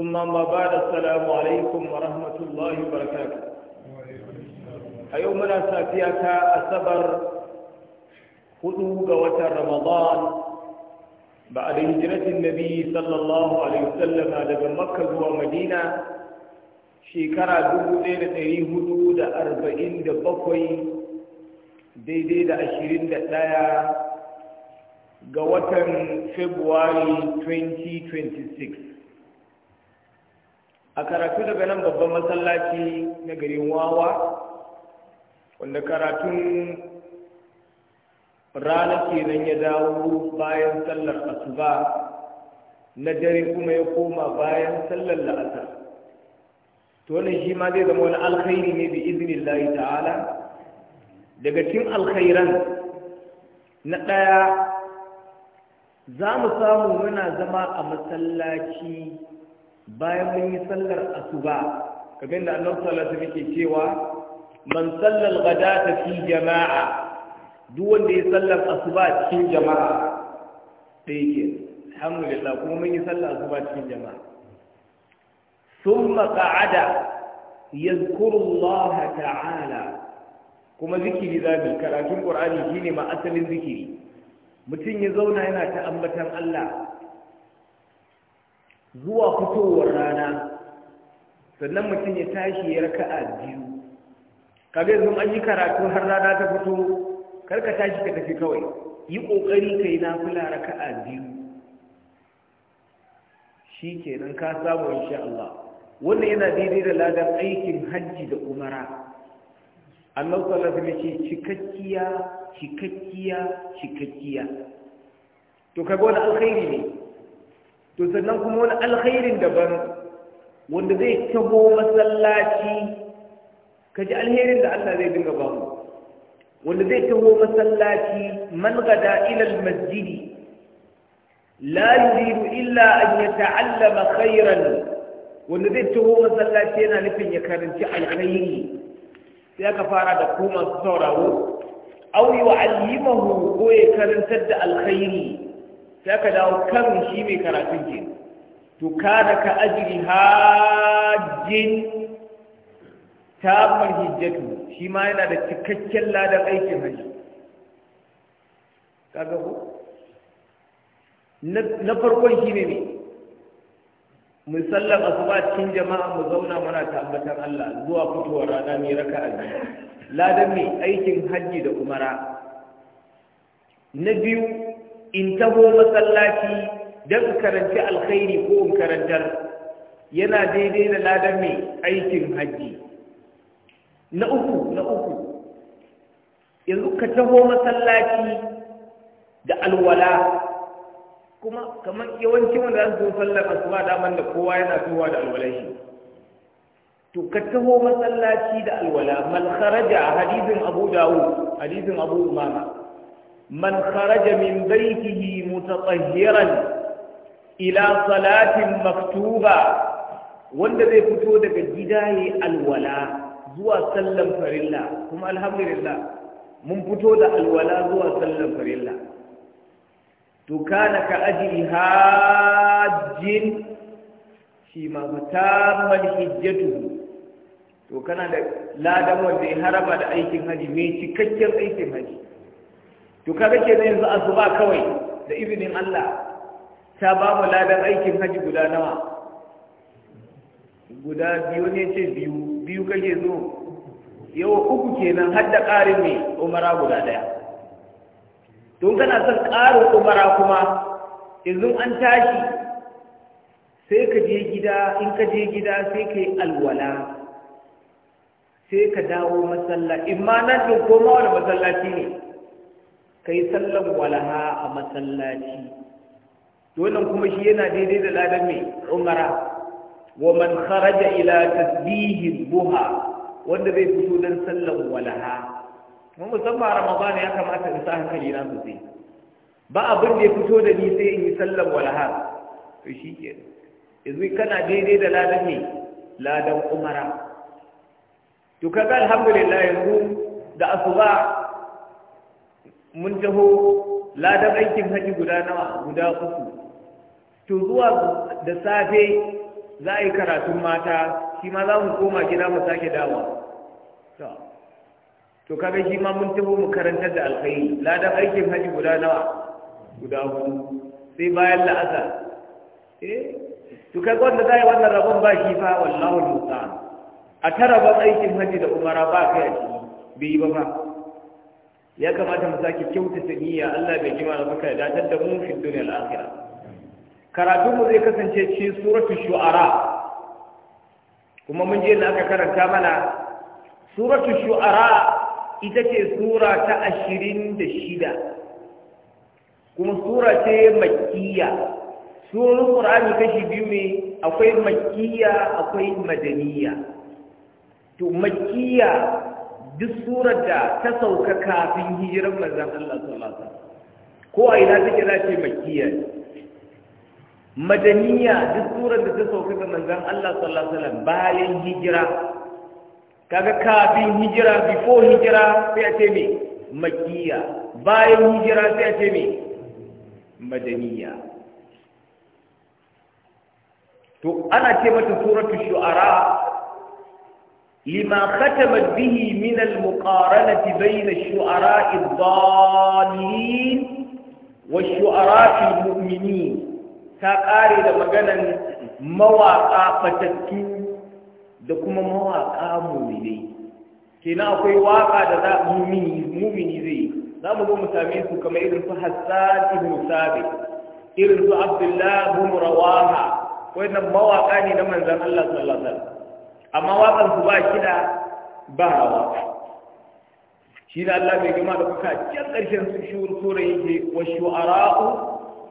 ثم ما بعد السلام عليكم ورحمة الله وبركاته أيومنا سافيك أسبر خذوك وتر رمضان بعد هجرة النبي صلى الله عليه وسلم لدى مكة ومدينة شكرا دبو ليلة تريه دود أربعين دبقوي دي دي دا أشيرين دا ga watan February 2026 a karatu daga nan babban masallaci na garin wawa wanda karatun rana kenan ya dawo bayan sallar asuba na dare kuma ya koma bayan sallar la'asar to wannan shi ma zai zama wani alkhairi ne bi iznillahi ta'ala daga cikin alkhairan na ɗaya za mu samu muna zama a masallaci bayan mun yi sallar asuba kamar da annabi sallallahu alaihi wasallam yake cewa man sallal ghadata fi jama'a duk wanda ya sallar asuba cikin jama'a sai ke alhamdulillah kuma mun yi sallar asuba cikin jama'a thumma qa'ada yadhkuru ta'ala kuma zikiri zabi karatun qur'ani shine ma asalin zikiri mutum ya zauna yana ta ambatan Allah zuwa fitowar rana sannan mutum ya tashi ya raka a biyu kaga yanzu an yi karatu har rana ta fito karka tashi ka tafi kawai yi ƙoƙari ka yi nafila raka a biyu shi nan ka samu insha Allah wannan yana daidai da ladar aikin hajji da umara Allah Ta lafi ce cikakkiya cikakkiya cikakkiya to kaga wani alkhairi ne to sannan kuma wani alkhairin daban wanda zai taho masallaci Ka ji alherin da Allah zai dinga ba mu wanda zai taho masallaci man gada ila almasjidi la yuridu illa an yata'allama khairan wanda zai taho masallaci yana nufin ya karanci alkhairi sai aka fara da koma sauraro au yu'allimahu ko ya karantar da alkhairi sai ka dawo kan shi mai karatun ke to ka da ka ajiri hajjin tamar hijjatu shi ma yana da cikakken ladan aikin hajji ga ku? na farkon shi ne ne musallan asuba cikin jama'a mu zauna muna tabbatar Allah zuwa fitowar rana mai a biyu ladan mai aikin hajji da umara na biyu in taho masallaci don karanci alkhairi ko in karantar yana daidai da ladan mai aikin hajji na uku na uku yanzu ka taho masallaci da alwala kuma kamar yawancin wanda su sallar asuba daman da kowa yana zuwa da alwalar shi to ka taho masallaci da alwala mal kharaja hadithin abu dawud hadithin abu umama من خرج من بيته متطهرا إلى صلاة مكتوبة wanda zai fito daga gida ne alwala zuwa sallan farilla kuma alhamdulillah mun fito da alwala zuwa sallan farilla to kana ka ajiye hajjin shi ma fatammal hijjatu to kana da ladan wanda ya haraba da aikin haji mai cikakken aikin haji to kaga ke da yanzu azuba kawai da izinin Allah ta ba mu ladan aikin haji guda nawa guda biyu ne ce biyu biyu kake zo yau uku kenan har da ƙarin ne umara guda ɗaya don kana son ƙarin umara kuma yanzu an tashi sai ka je gida in ka je gida sai ka yi alwala sai ka dawo masallaci in nan ko koma wani masallaci ne Kai sallan walaha a masallaci wannan kuma shi yana daidai da ladan mai umara wa man kharaja ila tasbihi duha wanda zai fito dan sallan walaha mun musamman ramadan ya kamata in sa hankali na sosai ba abin da ya fito da ni sai in yi sallan walaha to shi ke yanzu kana daidai da ladan mai ladan umara to kaga alhamdulillah yanzu da asuba mun taho ladan aikin haji guda nawa guda uku to zuwa da safe za a yi karatun mata shi ma za mu koma gida mu sake dawa to kaga shi ma mun taho mu karantar da alkhairi ladan aikin haji guda nawa guda uku sai bayan la'asar eh to kai wanda yi wannan rabon ba shi fa wallahu musa, a tara ban aikin haji da umara ba kai a ciki bai yi ba ba ya kamata mu sake kyautata niyya Allah bai jima da muka da da mu fi duniyar akhira karatun mu zai kasance cikin suratul shu'ara kuma mun je da aka karanta mana suratul shu'ara ita ce sura ta ashirin da shida kuma sura ce makkiya surorin qur'ani kashi biyu ne akwai makkiya akwai madaniya to makkiya duk surar da ta sauka kafin hijirar manzan Allah sallallahu alaihi wasallam ko a ina take za ce makkiya madaniya duk surar da ta sauka ga manzan Allah sallallahu alaihi wasallam bayan hijira kaga kafin hijira before hijira sai a ce me makkiya bayan hijira sai a ce me madaniya to ana ce mata suratul shu'ara لما ختمت به من المقارنة بين الشعراء الضالين والشعراء المؤمنين تقاري لما قلن مواقع فتكين دكما مواقع مؤمنين kina akwai waƙa da za mumini mumini za mu gomu same su kamar irin su Hassan ibn Sabit irin su Abdullah ibn Rawaha wannan mawaka ne na manzon Allah sallallahu amma waƙar su ba kiɗa ba hawa shi da Allah mai gama da kuka can ƙarshen su shuhur sura yake wa shu'ara'u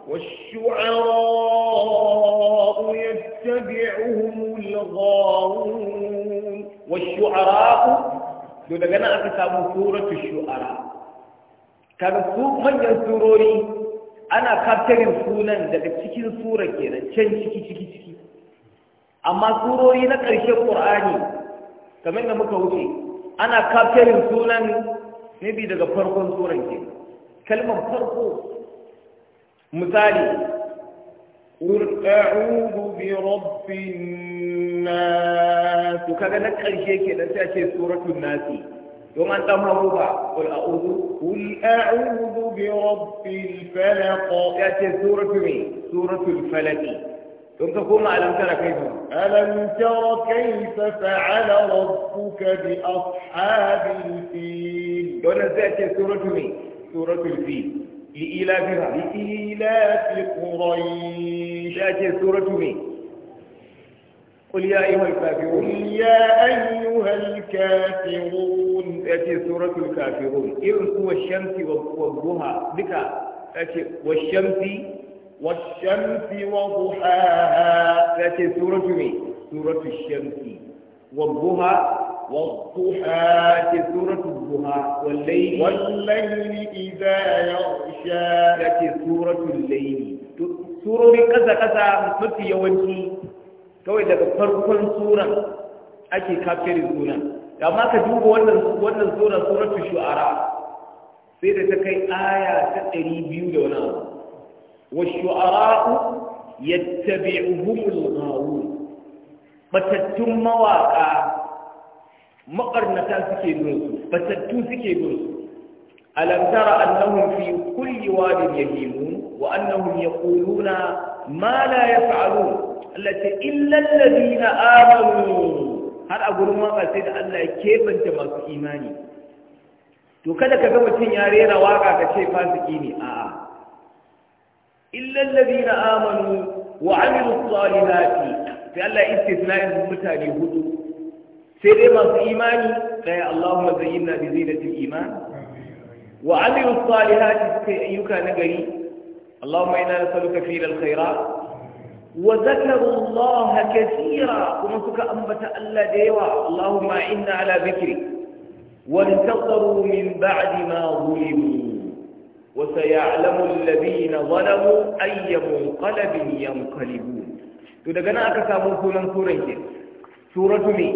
wa shu'ara'u yattabi'uhum al-ghawun wa shu'ara'u to daga nan aka samu suratu shu'ara kaga su manyan surori ana kaftarin sunan daga cikin sura kenan can ciki ciki ciki amma surori na ƙarshen ƙur'ani kamar da muka wuce ana kafirin sunan nabi daga farkon suran ke kalmar farko misali ƙur'a'udu bi rabbin na su kaga na ƙarshe ke dan ta ce suratun nasi don an ɗan hawo ba ƙur'a'udu kul a'udu bi rabbil falaq ya ce suratu me suratul falaki? ثم تقول ألم ترى كيف ألم ترى كيف فعل ربك بأصحاب الفيل دون ذات سورة مين سورة الفيل لإيلافها لإيلاف قريش ذات سورة مين قل يا أيها الكافرون قل يا أيها الكافرون ذات سورة الكافرون إرسوا الشمس والضحى بك والشمس والشمس وضحاها فاتي سورة مين سورة الشمس والضحى والضحى سورة الضحى والليل والليل إذا يغشى فاتي سورة الليل سورة كذا كذا متي يوانتي kawai daga farkon suran ake kafirin sunan amma ka duba wannan wannan suran suratul shu'ara sai da ta kai aya ta 200 da wani abu والشعراء يتبعهم الغاوون batattun mawaƙa maƙarnata suke binsu batattu suke binsu alam tara annahum fi kulli wadin yahimun wa annahum yaquluna ma la yaf'alun allati illa alladhina amanu har a gurin waka sai da Allah ya kebanta masu imani to kada ka ga mutum ya rera waka ka ce fasiki ne a'a illa alladhina amanu wa amilus salihati sai Allah istisna'in mutane hudu sai dai masu imani daya Allahumma zayyinna bi zinatil iman wa amilus salihati sai ayyuka na gari Allahumma inna nas'aluka fi alkhairat wa zakaru Allah kaseera kuma suka ambata Allah da yawa Allahumma inna ala dhikri wa min ba'di ma وسيعلم الذين ظلموا أي منقلب ينقلبون to daga nan aka samu sunan suran ke suratu ne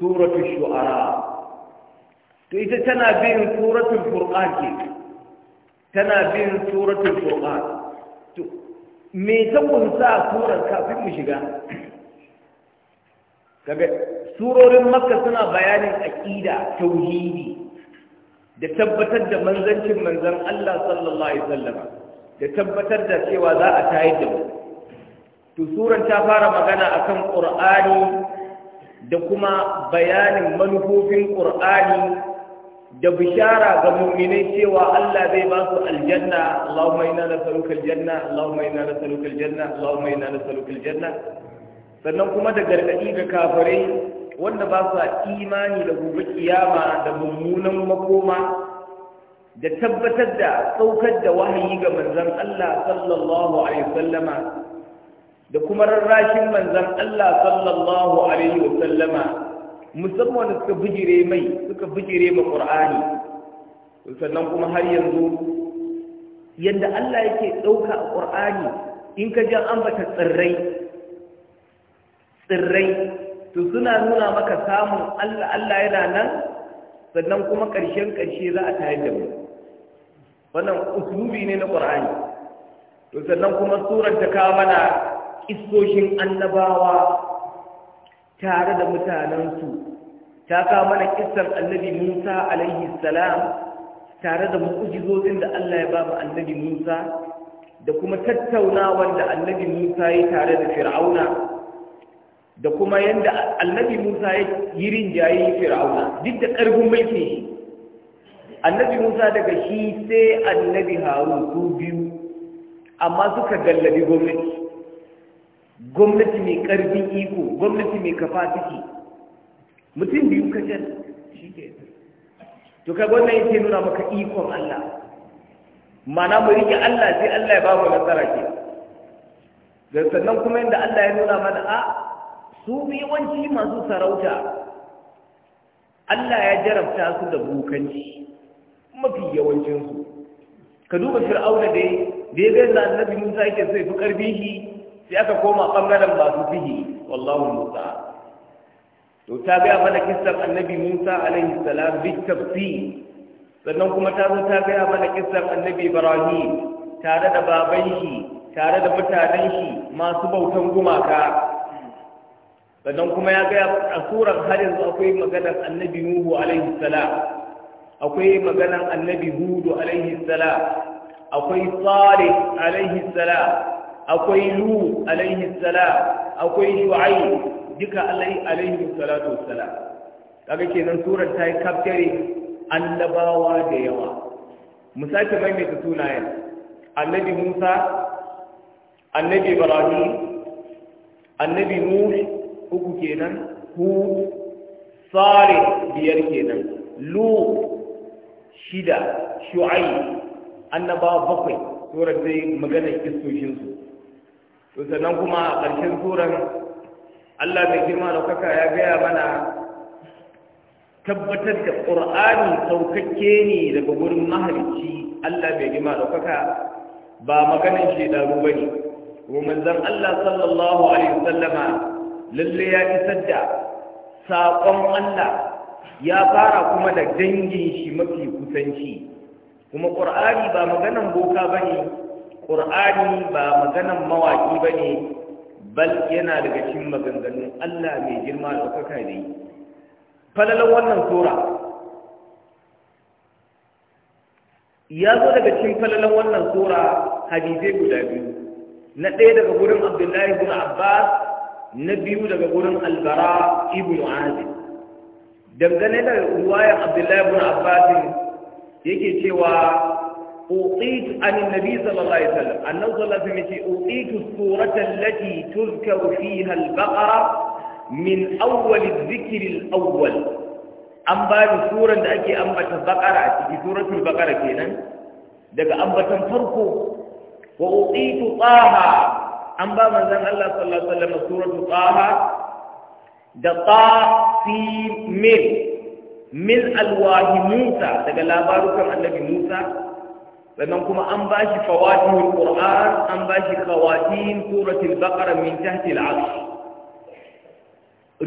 suratu shu'ara to ita tana bin suratu furqan ke tana bin suratu furqan to me ta kunsa suran kafin mu shiga kaga surorin makka suna bayanin aqida tauhidi da tabbatar da manzancin manzan Allah sallallahu alaihi wasallam da tabbatar da cewa za a tayar da mu to suran ta fara magana a kan qur'ani da kuma bayanin manufofin qur'ani da bishara ga mu'minai cewa Allah zai ba su aljanna na na Allahumma inna nas'aluka na Allahumma inna nas'aluka aljanna na na nas'aluka janna, sannan kuma da gargadi ga kafirai wanda ba su imani da gobe kiyama da mummunan makoma da tabbatar da saukar da wahayi ga manzan Allah sallallahu alaihi wasallama da kuma rarrashin manzan Allah sallallahu alaihi wasallama musamman suka bijire mai suka bijire ma ƙur'ani. sannan kuma har yanzu yadda Allah yake ɗauka a Qur'ani in ka ji an tsirrai tsirrai to suna nuna maka samun Allah Allah yana nan sannan kuma ƙarshen ƙarshe za a tayar da mu wannan usulubi ne na Qur'ani to sannan kuma surar ta kawo mana kissoshin annabawa tare da mutanensu ta kawo mana isar annabi Musa alaihi salam tare da mu'jizozin da Allah ya ba mu annabi Musa da kuma tattaunawar da annabi Musa ya tare da Fir'auna da kuma yadda annabi Musa ya yi rinjaye Fir'auna duk da ƙarfin mulki annabi Musa daga shi sai annabi Harun su biyu amma suka gallabi gwamnati gwamnati mai ƙarfin iko gwamnati mai kafa ciki mutum biyu kacal shi ke to kaga wannan ke nuna maka ikon Allah mana mu riƙe Allah sai Allah ya ba mu nasara ke sannan kuma yadda Allah ya nuna mana a su yawanci masu sarauta Allah ya jarabta su da bukanci mafi yawancinsu ka duba fir'auna dai da ya annabi mun yake sai fi karfi shi sai aka koma ɓangaren masu fihi wallahu musa to ta gaya mana kissar annabi musa alaihi salam bi sannan kuma ta zo ta gaya mana kissar annabi ibrahim tare da baban shi tare da mutanen shi masu bautan gumaka sannan kuma ya gaya a suran har yanzu akwai maganar annabi nuhu alaihi salam akwai maganar annabi hudu alaihi salam akwai salih alaihi salam akwai lu alaihi salam akwai shu'aib duka alaihi salatu wassalam kaga kenan surar ta yi kaftare annabawa da yawa mu sake maimaita sunayen annabi musa annabi ibrahim annabi nuhu uku kenan hu sare biyar kenan lu shida shu'ai annaba bakwai surar sai maganar kistoshinsu to sannan kuma a ƙarshen surar allah mai girma ɗaukaka ya gaya mana tabbatar da ƙur'ani saukakke ne daga wurin mahalicci allah mai girma ɗaukaka ba maganar shaidaru ba ne wa manzon allah sallallahu alaihi wasallama lalle ya isar da saƙon Allah ya fara kuma da dangin shi mafi kusanci kuma ƙur'ani ba maganan boka ba ne ƙur'ani ba maganan mawaƙi ba ne bal yana daga cikin maganganun Allah mai girma da ɗaukaka ne falalan wannan sura ya zo daga cikin falalan wannan sura hadisai guda biyu na ɗaya daga gurin abdullahi bin abbas na biyu daga gurin albara ibn azib dangane da ruwayar abdullahi ibn abbas yake cewa أوقيت عن النبي صلى الله عليه وسلم أنه صلى الله عليه وسلم أوقيت السورة التي تذكر فيها البقرة من أول الذكر الأول أم بعد سورة أكي أنبت البقرة في سورة البقرة كينا دك أنبت فرقه وأوقيت طه an ba manzon Allah sallallahu alaihi wasallam suratu taha da ta fi min min alwahi Musa daga labarukan annabi Musa sannan kuma an ba shi fawatihul Qur'an an ba shi khawatim suratul Baqara min tahti al-'arsh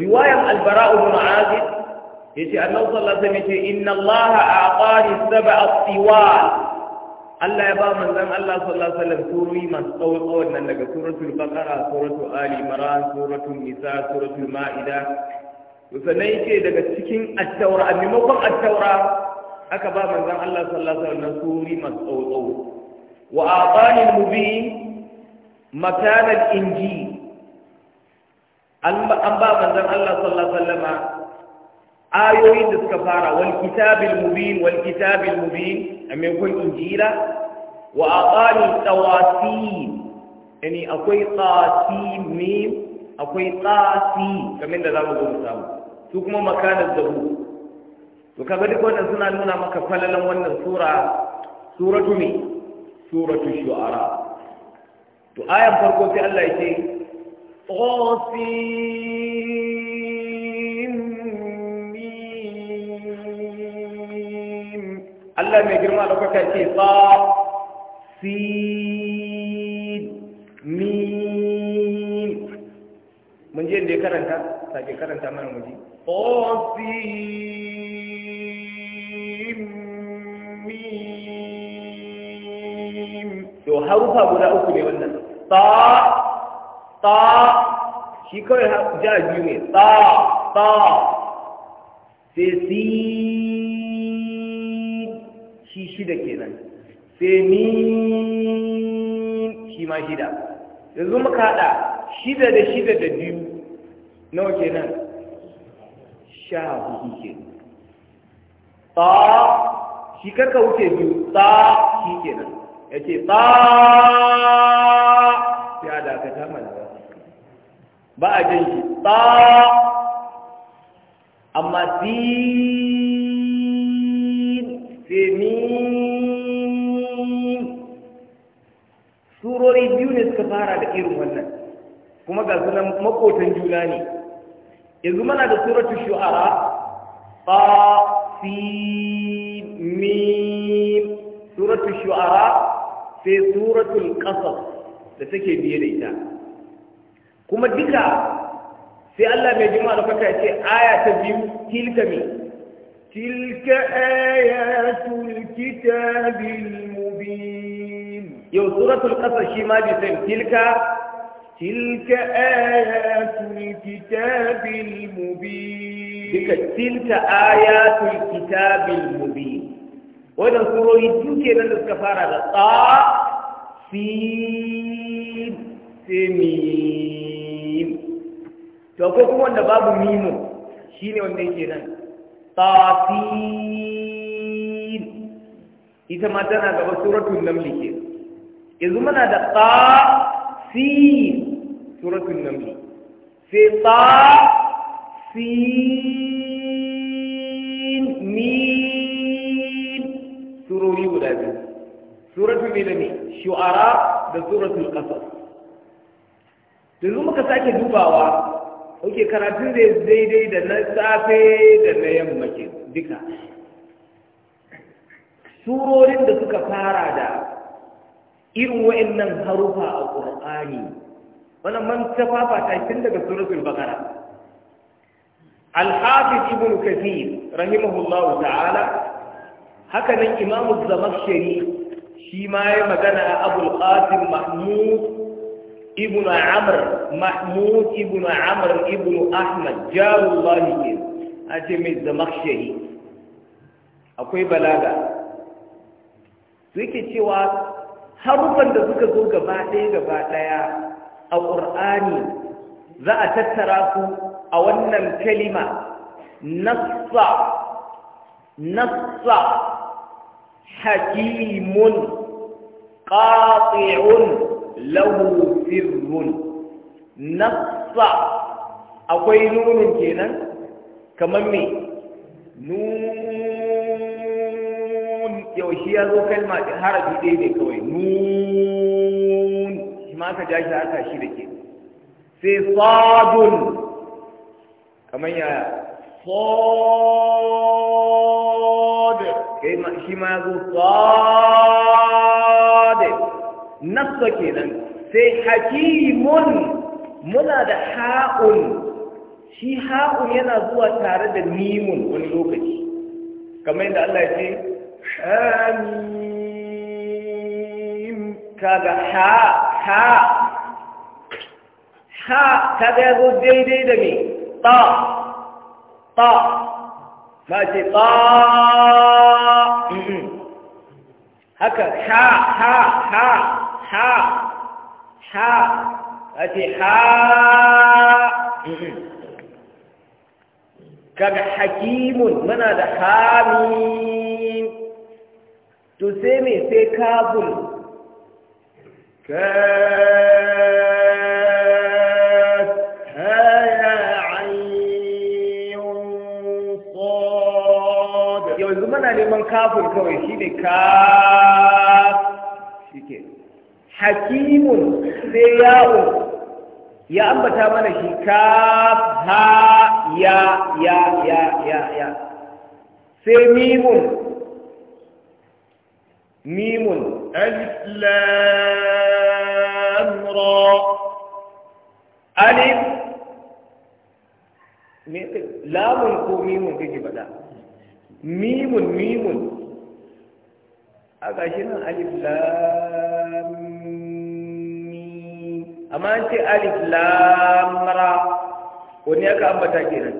riwayar al-Bara' ibn 'Azib yace annabi sallallahu alaihi wasallam yace inna Allah a'tani sab'a tiwal Allah ya ba manzon Allah sallallahu alaihi wasallam surori masu tsawo tsawon nan daga suratul baqara suratul ali imran suratul nisa suratul maida to sannan yake daga cikin at-taura a maimakon at-taura aka ba manzon Allah sallallahu alaihi wasallam surori masu tsawo tsawo wa aqani mubin makana al inji. an ba manzon Allah sallallahu alaihi wasallama ayoyin da suka fara wal kitabil mubin wal kitabil mubin a maimakon injila wa aqani tawasin yani akwai tsasim mim akwai tsasi kamar da zamu zo samu su kuma makanar zabu to kaga duk wannan suna nuna maka falalan wannan sura suratu ne suratu shu'ara to ayan farko sai Allah ya ce tsasim Allah mai girma da kwata ce sa si mi mun je karanta sake karanta mana muji o si mi to harufa guda uku ne wannan ta shi kawai ja biyu ne ta sai si shida kenan sai ni shi ma shida yanzu muka haɗa shida da shida da biyu nawa kenan sha hudu ke ta shi kaka wuce biyu ta shi kenan ya ce ta ya da aka ta ba a jan shi ta amma sin sai fara da irin wannan kuma ga sunan makotan juna ne yanzu mana da suratu shu'ara ta fi mi suratu shu'ara sai suratul qasas da take biye da ita kuma duka sai Allah mai jima da kwata ce aya ta biyu tilka mi tilka ayatul kitabil mubin yau suratul ƙasa shi ma bi san tilka tilka ayatul kitabil mubin duka tilka ayatul kitabil mubin wannan surori duke nan da suka fara da tsa sin simim to ko kuma wanda babu mimo shine wanda yake nan tafin ita ma tana gaba suratul naml kenan yanzu muna da ta si suratun namli sai ta si min surori guda biyu suratun ne da ne shu'ara da suratun ƙasa. yanzu muka sake dubawa oke karatun da daidai da na safe da na yamma ke duka surorin da suka fara da irin nan harufa a ƙur'ani wannan man ta fafata daga suratul bakara al-hafiz ibn kathir rahimahullahu ta'ala haka nan imamu zamashari shi ma ya magana a abul qasim mahmud ibn amr mahmud ibn amr ibn ahmad jarullahi ke a ce mai zamakshari akwai balaga su cewa harufan da suka zo gaba ɗaya gaba ɗaya a ƙur'ani za a tattara su a wannan kalima nassa nassa hakimun qati'un lahufirun nassa akwai nunin kenan kamar me nun kawai shi ya zo kalma harafi ɗaya ne kawai nun shi ma aka ja shi aka shi da ke sai sadun kamar yaya sad kai shi ma ya zo sad nafsa kenan sai hakimun muna da ha'un shi ha'un yana zuwa tare da mimun wani lokaci kamar yadda Allah ya ce حميم كذا حاء حاء حاء كذا يقول دي دي دمي طاء طاء ماشي طاء هكذا حاء حاء حاء حاء ماشي حاء كذا حكيم من هذا حاميم to sai mai sai kafin yanzu mana neman kafin kawai shi ne ka shi ke hakimun sai yawon ya ambata mana shi ka ha ya ya ya ya ya sai mimun ميم ألف لام را ألف لام كو ميم تجي بدا ميم ميم أكاشنا ألف لام أما أنت ألف لام را وني أكا أمبتا كينا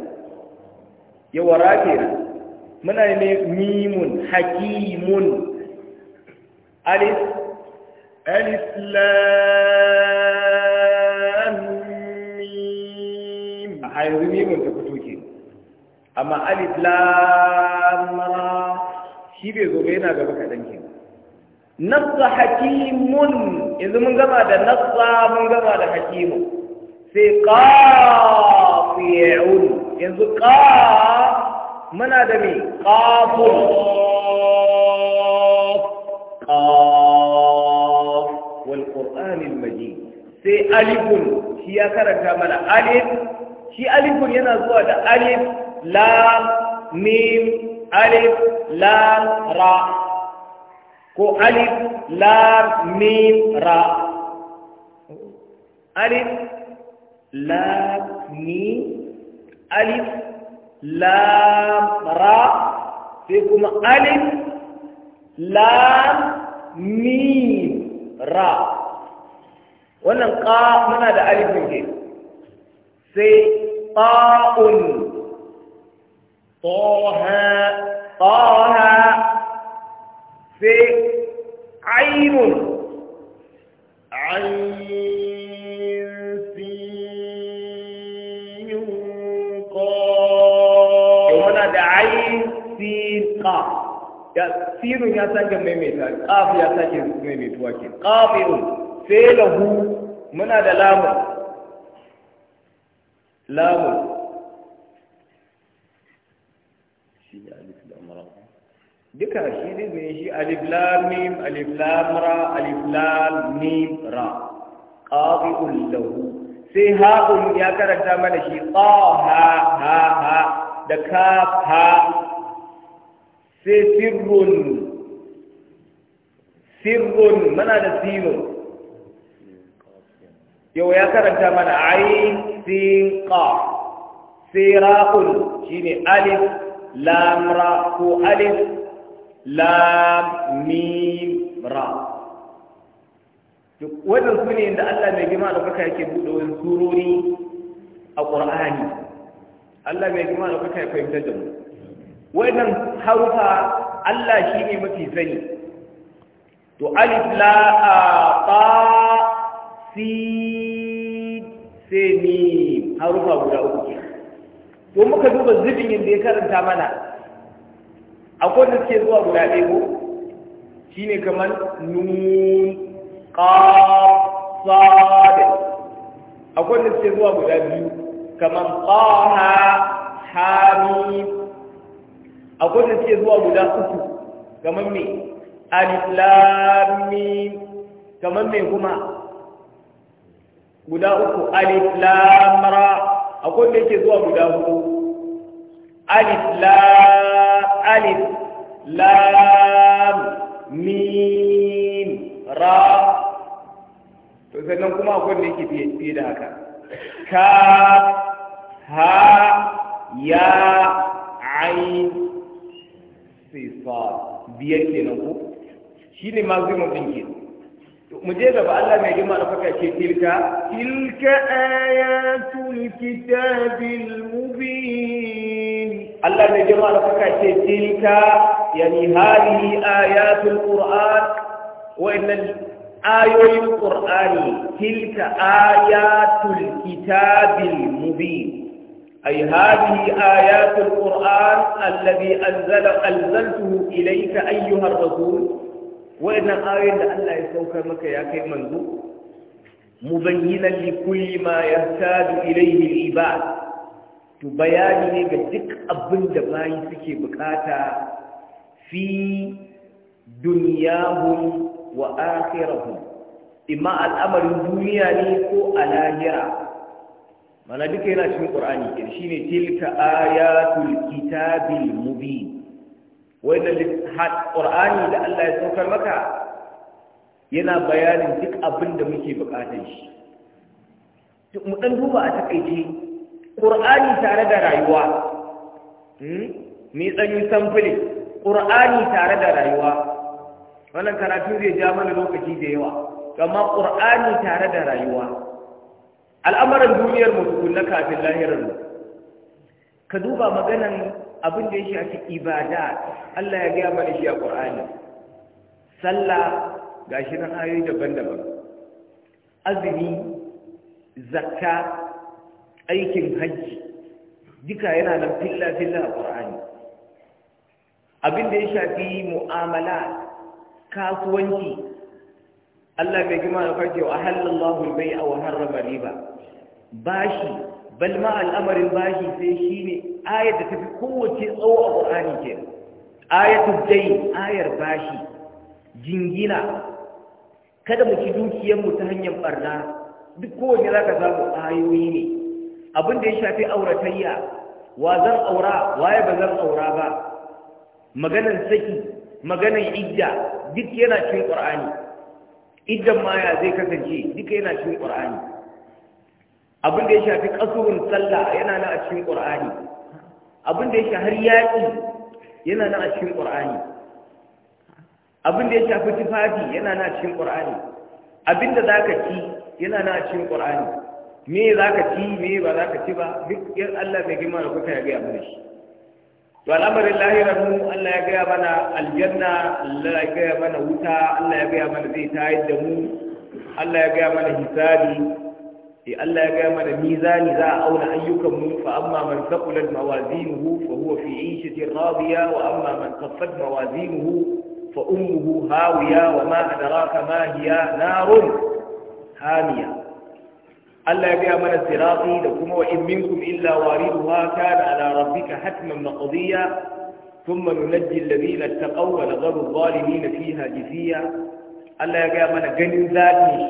يورا كينا من أين ميم حكيم ألف ألف لام ميم هاي ميم أنت كتوكي أما ألف لام را شي بيزوغينا قبل كتنكي نص حكيم إذا من قبل هذا نص من قبل هذا حكيم في قاطع إذا قا من هذا مين قاطع قاف والقران المجيد سي الف هي كرتا مالا الف شي الف ينا زوا الف لام ميم الف لام را كو الف لام ميم را الف لام ميم الف لام را فيكم الف لام mim ra wannan ƙa muna da alifin ke sai ta'un taha taha sai ainun ainun muna da ayin sin ƙa ya sirun ya sake maimaita qaf ya sake maimaituwa ke qafirun sai lahu muna da lamun lamun shi ne alif lam ra duka shi ne ne shi alif lam mim alif lam ra alif lam mim ra qafi'un lahu sai ha'un ya karanta mana shi ta ha ha ha da kaf ha sai sirrun sirrun mana da sino yau ya karanta mana ayin sinqa qaf shi shine alif lam ra ko alif lam mim ra duk wannan sune da Allah mai gima da kuka yake bude wani surori a Qur'ani Allah mai gima da kuka yake fahimtar da mu wannan harufa Allah shi ne mafi sani to alif la a ta si semi ni harufa guda uku ke to muka duba zubin yadda ya karanta mana akwai da suke zuwa guda ɗaya ko shi ne kamar nun ƙasa da akwai da suke zuwa guda biyu kamar ƙaha hamid akwai da suke zuwa guda uku kamar mai alif kamar mai kuma guda uku alif lam ra akwai da yake zuwa guda hudu alif ra to sannan kuma akwai da ke fiye da haka ka ha ya ain istisar biyar kenan ko shine mazimin din kenan mu je gaba Allah mai girma da kuka ce tilka tilka ayatul kitabil mubin Allah mai girma da kuka ce tilka yani hadihi ayatul qur'an wa innal ayoyin qur'ani tilka ayatul kitabil mubin أي هذه آيات القرآن الذي أنزل أنزلته إليك أيها الرسول وإن آية الله يسوك مك يا كي منذ مبينا لكل ما يحتاج إليه العباد تبياني ga duk abin da bayi suke bukata fi dunyahum wa akhirahum imma al'amarin duniya ne ko a lahira mana duka yana cikin qur'ani kin shine tilka ayatul kitabil mubin wannan hat qur'ani da Allah ya saukar maka yana bayanin duk abin da muke bukatar shi mu dan duba a takaice qur'ani tare da rayuwa hmm tsanyi samfule qur'ani tare da rayuwa wannan karatu zai ja mana lokaci da yawa amma qur'ani tare da rayuwa al'amuran duniyar mu na kafin lahirar mu ka duba maganan abin da ya shafi ibada Allah ya gaya mana shi a Qur'ani sallah gashi na ayoyi daban-daban azumi zakka aikin hajji duka yana nan filla-filla a Qur'ani abin da ya shafi mu'amala kasuwanci Allah bai gima da farce wa halallahu bai a wa harrama riba bashi bal ma al'amarin bashi sai shine ayar da tafi kowace tsawo a Qur'ani ke ayatul dai ayar bashi jingina kada mu ci dukiyar mu ta hanyar barna duk kowanne ka samu ayoyi ne abin da ya shafi auratayya wa zan aura waye ba zan aura ba maganar saki maganar idda duk yana cikin ƙur'ani. idan ma ya zai kasance duka yana cikin ƙur'ani abin da ya shafi ƙasurin sallah yana na a cikin ƙur'ani abin da ya shafi yaƙi yana na a cikin ƙur'ani abin da ya shafi tufafi yana na a cikin ƙur'ani abin da za ka ci yana na a cikin ƙur'ani me za ka ci me ba za ka ci ba duk yan Allah mai girma da kuka ya gaya mana shi to al'amarin lahirar mu Allah ya gaya mana aljanna Allah ya gaya mana wuta Allah ya gaya mana zai tayar da mu Allah ya gaya mana hisabi e Allah ya gaya mana mizani za a auna ayyukan mu fa amma man thaqulat mawazinuhu fa huwa fi 'ishatin radiya wa amma man khaffat mawazinuhu fa ummuhu hawiya wa ma adraka ma hiya narun hamiya Allah ya gaya mana sirati da kuma wa in minkum illa wariduha kana ala rabbika hatman maqdiya thumma nunajji alladhina ittaqaw wa nadharu adh-dhalimin fiha jithiya Allah ya gaya mana ganin zatin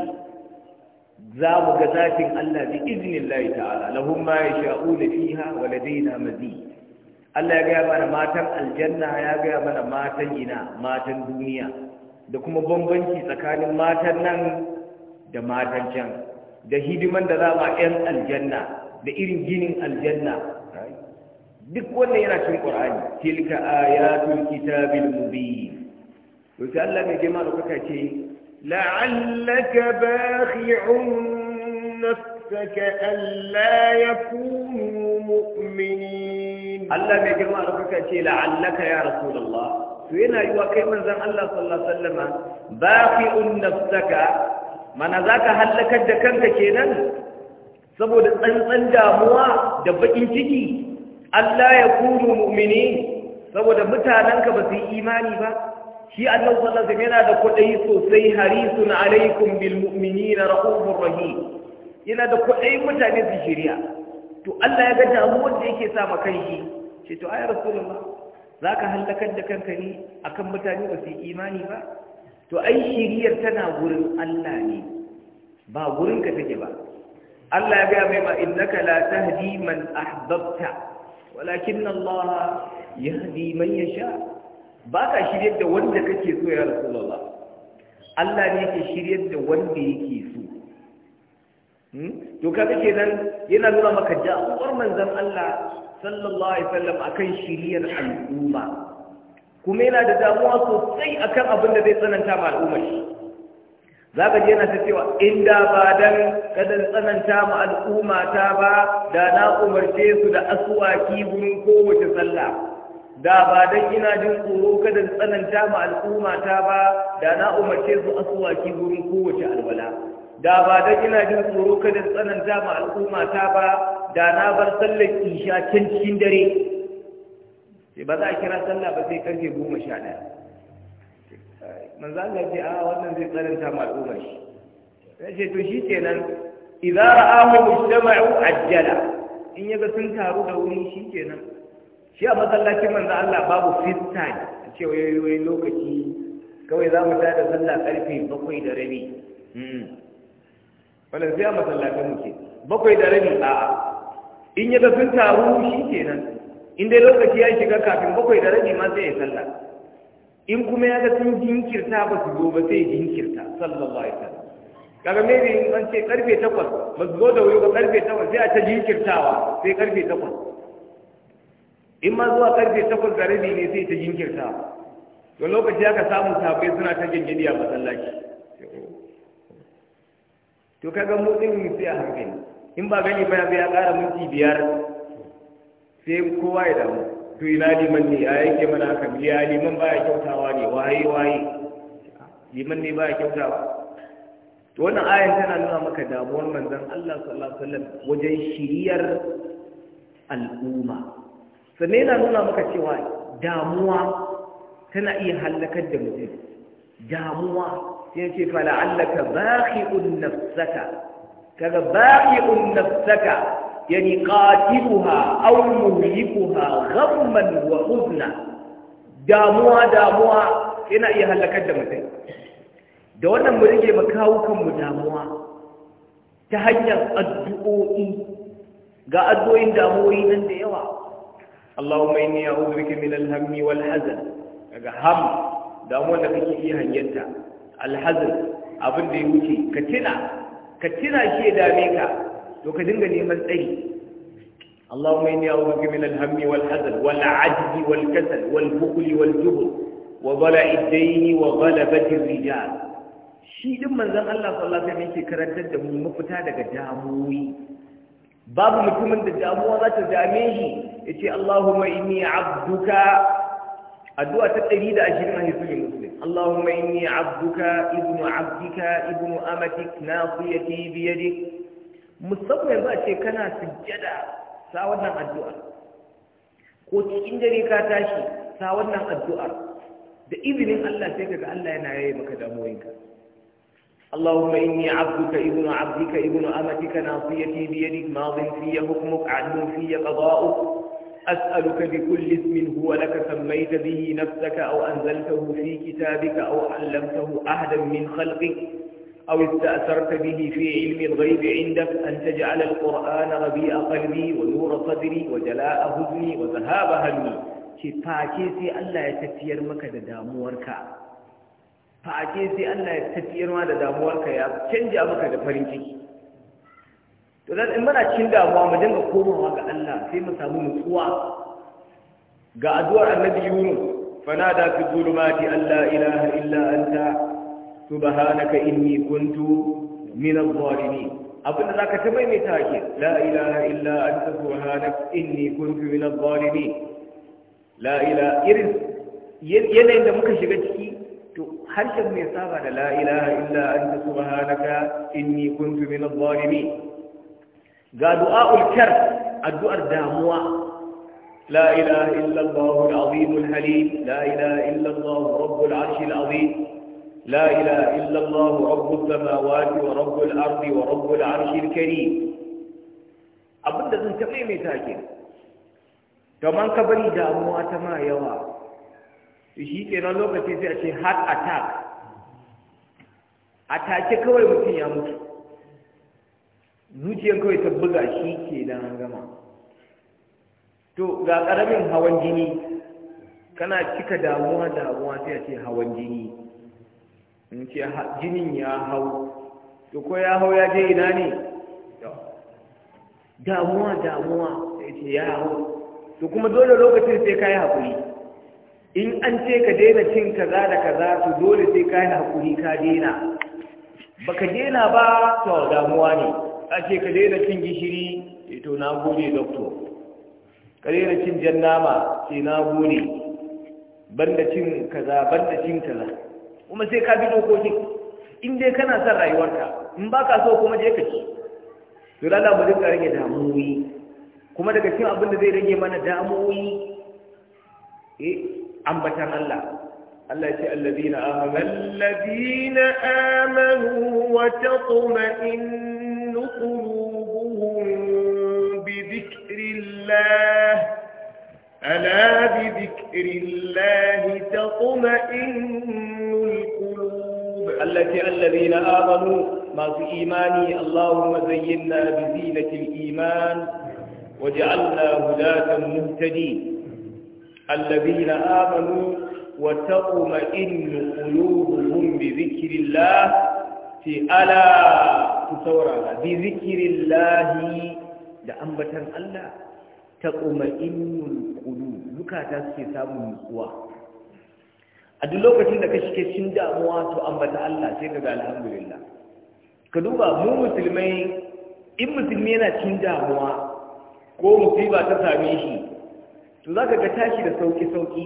za mu ga zatin Allah bi iznillahi ta'ala lahum ma yasha'una fiha wa ladaina mazid Allah ya gaya mana matan aljanna ya gaya mana matan ina matan duniya da kuma bambanci tsakanin matan nan da matan can da hidiman da za ma 'yan aljanna da irin ginin aljanna duk wannan yana cikin ƙwar'ani tilka ayatul kitabil mubin to sai Allah mai jama'a kuka ce la'allaka bakhi'un nafsaka alla yakunu mu'minin Allah mai jama'a kuka ce la'allaka ya rasulullah to yana yiwa kai manzon Allah sallallahu alaihi wasallam bakhi'un nafsaka mana za ka hallakar da kanka kenan saboda tsantsan damuwa da baƙin ciki Allah ya kunu mu'mini saboda mutanenka ba su yi imani ba shi Allah sallallahu alaihi yana da kudai sosai harisun alaikum bil mu'minina rahimur rahim yana da kudai mutane su shirya to Allah ya ga damuwar da yake sa maka shi ce to ayar rasulullah zaka halakar da kanka ne akan mutane ba su yi imani ba to ai shiriyar tana wurin Allah ne ba wurin ka take ba Allah ya ga mai ma innaka la tahdi man ahbabta walakin Allah yahdi man yasha baka shiryar da wanda kake so ya rasulullah Allah ne yake shiryar da wanda yake so hmm? to kaga kenan yana nuna maka da manzon Allah sallallahu alaihi wasallam akan shiriyar al'umma kuma yana da damuwa sosai akan abin da zai tsananta ma al'ummar shi za ka je yana ta cewa inda ba dan kadan tsananta ma al'umma ta ba da na umarce su da asuwaki gurin kowace sallah da ba dan ina jin tsoro kadan tsananta ma al'umma ta ba da na umarce su asuwaki gurin kowace alwala da ba dan ina jin tsoro kadan tsananta ma al'umma ta ba da na bar sallar isha can cikin dare sai ba za a kira sallah ba sai karfe goma sha ɗaya za a ce a ah, wannan zai tsananta ma al'ummar shi sai ce to shi kenan idza ra'ahu mujtama'u ajjala in yaga sun taru da wuri shi nan. shi a masallacin manzo Allah babu fifth time a ce wai wai lokaci kawai za mu da sallah karfe bakwai da rabi hmm. wannan sai a masallacin muke bakwai da rabi a'a in yaga sun taru shi kenan in dai lokaci ya shiga kafin bakwai da rabi ma sai ya salla in kuma ya ga sun jinkirta ba su gobe sai jinkirta sallallahu alaihi wasallam kaga maybe in an ce karfe 8 ba su zo da wuri ba karfe 8 sai a ta jinkirtawa sai karfe 8 in ma zuwa karfe 8 da rabi ne sai ta jinkirtawa To lokaci aka samu sabai suna ta gingidi a masallaci to kaga mu din sai a hankali in ba gani ba ya ƙara minti biyar sai kowa ya damu to ina liman ne ya yake mana haka ya liman baya kyautawa ne waye waye liman ne baya kyautawa to wannan ayan tana nuna maka damuwar manzon Allah sallallahu alaihi wasallam wajen shiriyar al'umma sannan yana nuna maka cewa damuwa tana iya halakar da mutum damuwa sai ce fala'allaka baqi'un nafsaka kaga baqi'un nafsaka yani qatiluha aw muhlikuha ghamman wa huzna damuwa damuwa yana iya halakar da mutum da wannan mu rige makawukan mu damuwa ta hanyar addu'o'i ga addu'o'in damuwoyi nan da yawa Allahumma inni a'udhu bika min al-hammi wal hazan daga ham damuwar da kake iya hanyarta al-hazan abin da ya wuce ka tina ka tina shi ya dame ka to ka dinga neman tsari Allahumma inni a'udhu min al-hammi wal hazan wal 'ajzi wal kasal wal bukhli wal jubn wa dala'i ad-dayn wa ghalabati ar-rijal shi din manzon Allah sallallahu alaihi wasallam yake karantar da mu mafita daga damuwi babu mutumin da damuwa za ta dame shi yace Allahumma inni 'abduka addu'a ta 120 a hisbin muslim Allahumma inni 'abduka ibnu 'abdika ibnu amatik nasiyati bi yadik musamman ba ce kana sujjada sa wannan addu'a ko cikin dare ka tashi sa wannan addu'a da izinin Allah sai kaga Allah yana yaye maka damuwarka Allahumma inni 'abduka ibnu 'abdika ibnu amatika nasiyati bi yadik madin fi hukmuk 'adlu fi qada'u as'aluka bi kulli ismin huwa lak sammayta bihi nafsaka aw anzaltahu fi kitabika aw 'allamtahu ahadan min khalqika أو استاثرت به في علم الغيب عندك أن تجعل القرآن ل ربيع قلبي ونور صدري وجلاء هزني وذهاب همي فاكيسي ألا يتفير مكة داموركا فاكيسي ألا يتفير مكة داموركا يا تنجى مكة دا فرنجي لذلك إ م ن ا تشيل داموها ما جنب قومها ق ا ل في مسامو نسوا قادوا النبي يونس فنادى في الظلمات أن لا إله إلا أنت subhanaka inni kuntu min adh-dhalimin abinda zaka ta maimaita ke la ilaha illa anta subhanaka inni kuntu min adh-dhalimin la ilaha irin yanayin da muka shiga ciki to harshen mai saba da la ilaha illa anta subhanaka inni kuntu min adh-dhalimin ga du'a'ul kar addu'ar damuwa la ilaha illa allah al-azim al-halim la ilaha illa allah rabbul arshil azim لا إله إلا الله رب السماوات ورب الأرض ورب العرش الكريم أبدا زن تقي متاكين كمان كبري داموا تما يوا shi kenan lokaci sai a heart attack a take kawai mutum ya mutu zuciyar kawai ta buga shi kenan an gama to ga ƙaramin hawan jini kana cika damuwa damuwa sai hawan jini in ce jinin ya hau to ko ya hau ya je ina ne damuwa damuwa sai ce ya hau to kuma dole lokacin sai ka yi haƙuri in an ce ka daina cin kaza da kaza to dole sai ka yi haƙuri ka daina baka daina ba to damuwa ne a ce ka daina cin gishiri eh to na gode doctor ka daina cin jan nama ce eh na gode banda cin kaza banda cin kaza kuma sai ka bi dokokin in dai kana son rayuwarka in ba ka so kuma je ka ci to lalla mu dinka rage damuwoyi kuma daga cikin abin da zai rage mana damuwoyi eh ambatan Allah Allah ya ce alladina amanu alladina amanu wa tatma'innu qulubuhum bi dhikrillah ألا بذكر الله تطمئن القلوب التي الذين آمنوا ما في إيماني اللهم زينا بزينة الإيمان وجعلنا هداة مهتدين الذين آمنوا وتطمئن قلوبهم بذكر الله في ألا تصور بذكر الله لأنبة الله تطمئن zukata suke samun nutsuwa a duk lokacin da ka shike cikin damuwa to ambata Allah sai ka ga alhamdulillah ka duba mu musulmai in musulmi yana cikin damuwa ko musiba ta same shi to zaka ga tashi da sauki sauki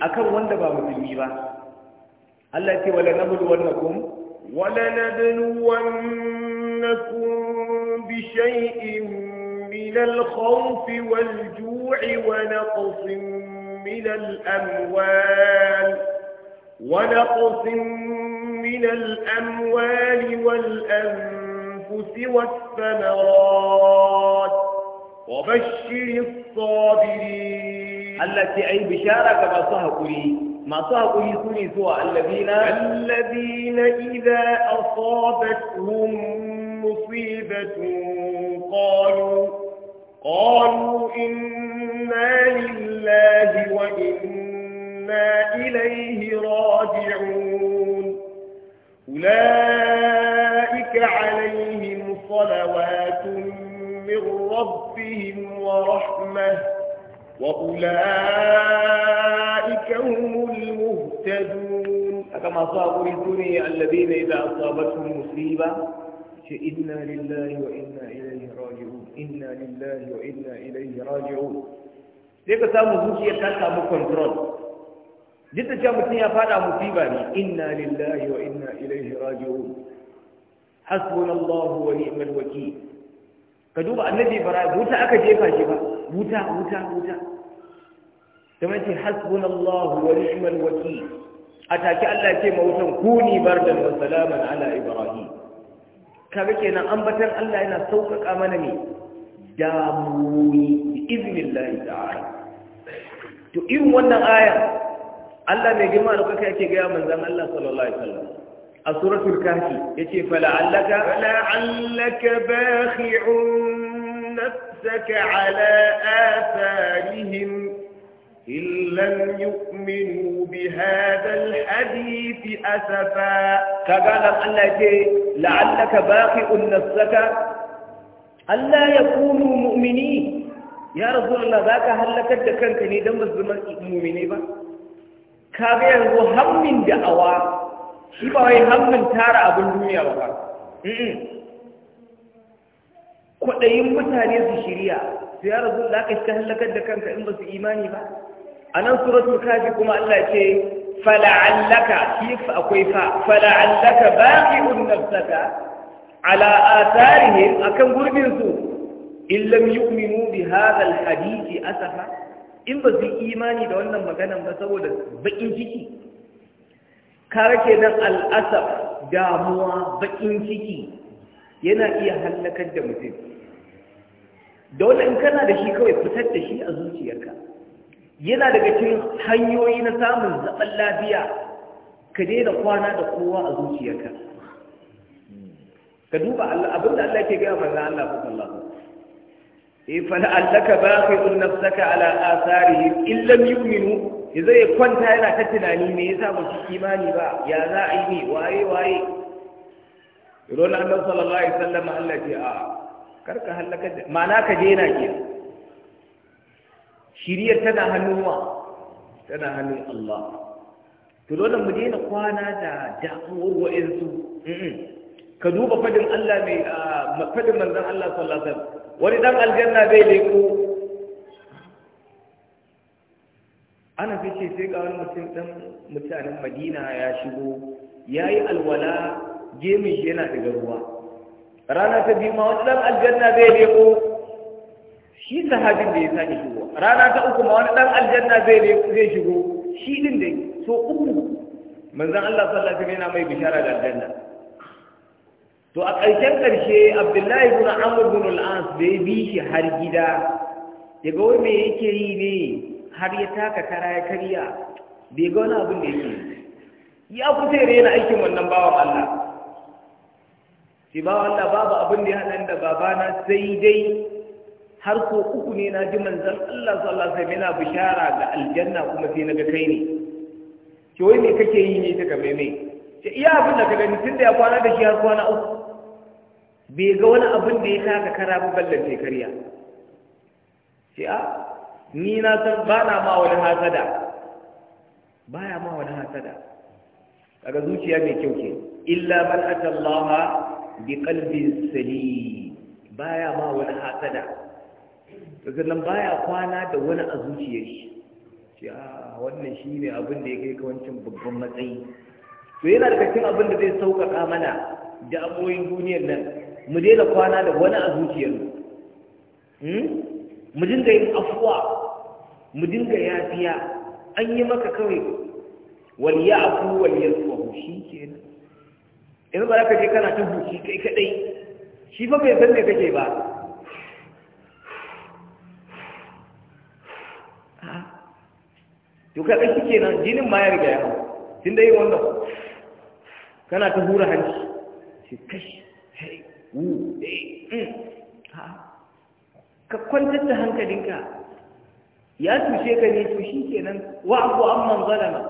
akan wanda ba musulmi ba Allah ya ce wala nabdu wannakum wala nadnu wannakum bi shay'in من الخوف والجوع ونقص من الأموال ونقص من الأموال والأنفس والثمرات وبشر الصابرين التي أي بشارة كما صهقوا لي ما su لي zuwa الذين الذين idza asabat مصيبة قالوا قالوا إنا لله وإنا إليه راجعون أولئك عليهم صلوات من ربهم ورحمة وأولئك هم المهتدون كما صابوا الدنيا الذين إذا أصابتهم مصيبة ce inna lillahi wa inna ilaihi raji'un inna lillahi wa inna ilaihi raji'un sai ka samu zuciyar ta samu control duk da cewa mutum ya fada musiba ne inna lillahi wa inna ilaihi raji'un hasbunallahu wa ni'mal wakil ka duba annabi bara! wuta aka jefa shi ba wuta wuta wuta kamar ce hasbunallahu wa ni'mal wakil atake Allah ya ce ma wutan kuni bardan wa salaman ala ibrahim kaga kenan ambatan Allah yana saukaka mana ne bi iznillahi ta'ala to in wannan aya Allah mai girma da kuka yake gaya manzon Allah sallallahu alaihi wasallam a suratul kahfi yace fala allaka fala'allaka allaka bakhi'un nafsaka ala afalihim إن لم يؤمنوا بهذا الحديث أسفا كقال الله لعلك باقي نفسك ألا يكونوا مؤمنين يا رسول الله ذاك هل لك الدكان كني دم الزمن مؤمنين كابيا هو هم من دعوة شبا هم من تارا أبو الدنيا بقى كنت يمتها في شريا يا رسول الله كيف هل لك الدكان كني دم الزمن مؤمنين a nan suratul kafi kuma Allah ce fala'allaka shi akwai fa fala'allaka baqi'un nafsaka ala atharihim akan gurbin su in lam yu'minu bi hadha alhadith asafa in ba su imani da wannan maganan ba saboda bakin ciki kare nan al'asaf damuwa bakin ciki yana iya hallakar da mutum da wannan kana da shi kawai fitar da shi a zuciyarka yana daga cikin hanyoyi na samun zaɓen lafiya ka daina kwana da kowa a zuciyarka ka duba abin da Allah ke gaya manzan Allah ko sallahu e fa la'allaka baqi'un nafsaka ala atharihi in lam yu'minu yazo ya kwanta yana ta tunani me yasa ba shi imani ba ya za a yi ne waye waye Yaro na Allah sallallahu alaihi wasallam Allah ce a karka halaka ma'ana ka daina kenan shiriyar tana hannuwa tana hannun Allah to dole mu daina kwana da damuwar wa'insu ka duba fadin Allah mai fadin manzon Allah sallallahu alaihi wasallam wani dan aljanna bai leko ana fi ce sai ga wani mutum dan mutanen Madina ya shigo yayi alwala gemi yana daga ruwa rana ta biyu ma wani dan aljanna bai leko shi sahabin da ya sani shigo rana ta uku ma wani dan aljanna zai zai shigo shi din dai so uku manzon Allah sallallahu alaihi wasallam yana mai bishara da aljanna to a ƙarshen ƙarshe Abdullahi ibn Amr ibn al-As da bi shi har gida ya me yake yi ne har ya taka kara ya karya bai ga wani abin da yake ya kusa ya rena aikin wannan bawan Allah shi bawan Allah babu abin da ya haɗa da babana sai dai har ko uku ne na ji manzan Allah sallallahu alaihi yana bishara ga aljanna kuma sai na ga kai ne ce wai me kake yi ne ta game me ce iya abin da ka gani tun da ya kwana da shi har kwana uku bai ga wani abin da ya taka kara ba ballance karya ce a ni na san ba na ma wani hasada baya ma wani hasada daga zuciya mai kyau ke illa man atallaha bi sali, salim baya ma wani hasada daga nan baya kwana da wani a zuciyar shi shi a ah, wannan shi ne abin da ya kai kawancin babban matsayi to yana da cikin abin da zai sauƙaƙa mana da abubuwan duniyar nan mu daina kwana da wani a zuciyar hmm? mu dinga yin afuwa mu dinga yafiya an yi maka kawai Waliya afu, waliya tsohu, shi kenan in ba za ka je kana ta huci kai kadai shi fa bai san me kake ba to kai ɗauki kenan jinin ma ya riga ya hau tun da yin wannan kana ta hura hanci sai kai hey wu hey mm. ka kwantar da hankalinka ya tushe ka ne to shi kenan wa abu amman zalama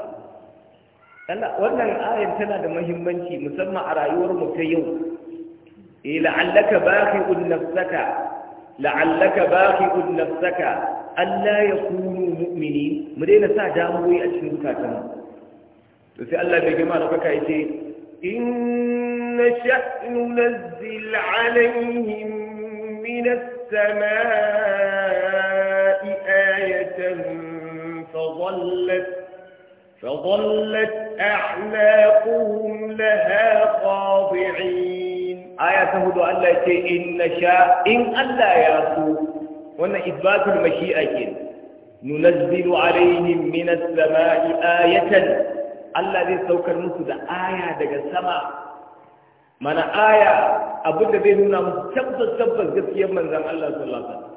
wannan ayar tana da mahimmanci musamman a rayuwar mu ta yau eh la'allaka baqi'un nafsaka la'allaka baqi'un nafsaka Allah ya kunu mu'mini mu daina sa damuwoyi a cikin zukatanmu to sai Allah bai gama da kaka yace in sha'nu nazzil alaihim min as-samaa'i ayatan fadallat fadallat a'naquhum laha qadi'in ayatan hudu Allah yace in sha in Allah ya so wannan isbatul mashi'a ke nunazzilu alaihim as sama'i ayatan Allah zai saukar musu da aya daga sama mana aya abu da zai nuna musu tabbas tabbas gaskiyar manzon Allah sallallahu alaihi wasallam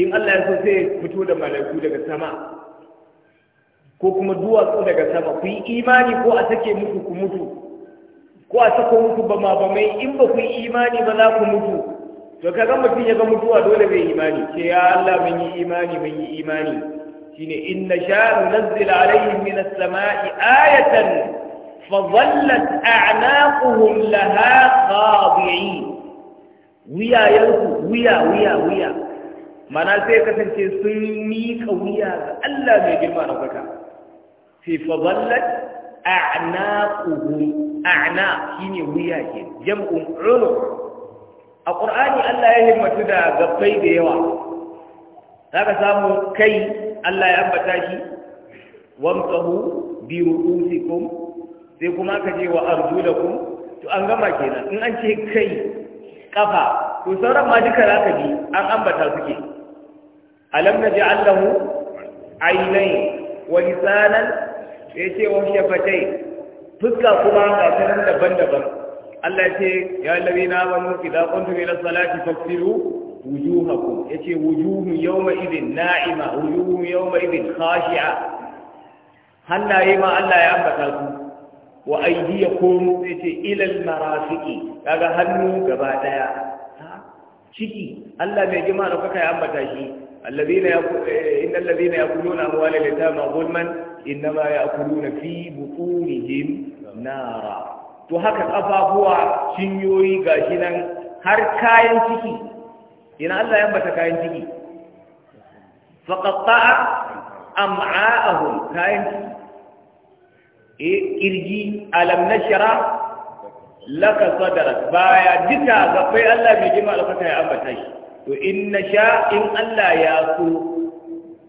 in Allah ya so sai fito da malaiku daga sama ko kuma duwatsu daga sama ku yi imani ko a sake mutu ku mutu ko a sako mutu ba ma ba mai in ba ku yi imani ba za ku mutu to kaga mutum ya ga mutuwa dole bai imani ce ya Allah mun yi imani mun yi imani shine inna sha nunzil alaihim min as-sama'i ayatan fa dhallat a'naquhum laha khadi'in wiya yanku wiya wiya wiya mana sai kasance sun miƙa wuya ga Allah mai girma da kwata fi fadallat a'naquhum a'na shine wuya ke jam'un unuq a ƙur'ani Allah ya himmatu da gabbai da yawa za ka samu kai Allah ya ambata shi wamsahu bi ru'usikum sai kuma ka je wa arjulakum to an gama kenan in an ce kai kafa to sauran ma duka za ka bi an ambata suke alam naj'al lahu ainihin wa lisanan ya ce wa shafatai fuska kuma ga sanan daban-daban Allah ce ya lalina amanu idza qumtum ila salati fafsilu wujuhakum yace wujuhun yawma idin na'ima wujuhun yawma idin khashi'a hannaye ma Allah ya ambata su wa aydiyakum yace ila almarafiqi kaga hannu gaba daya ciki Allah mai jima da kuka ya ambata shi alladhina inna alladhina yakuluna amwala al-yatama zulman innama yakuluna fi butunihim nara to haka ƙafafuwa cinyoyi gashi nan har kayan ciki ina Allah ya bata kayan ciki faqatta am'a'ahum kayan ciki e eh, kirji alam nashra laka sadrak baya duka kai Allah mai jima alfata ya ambata shi to in nasha in Allah ya so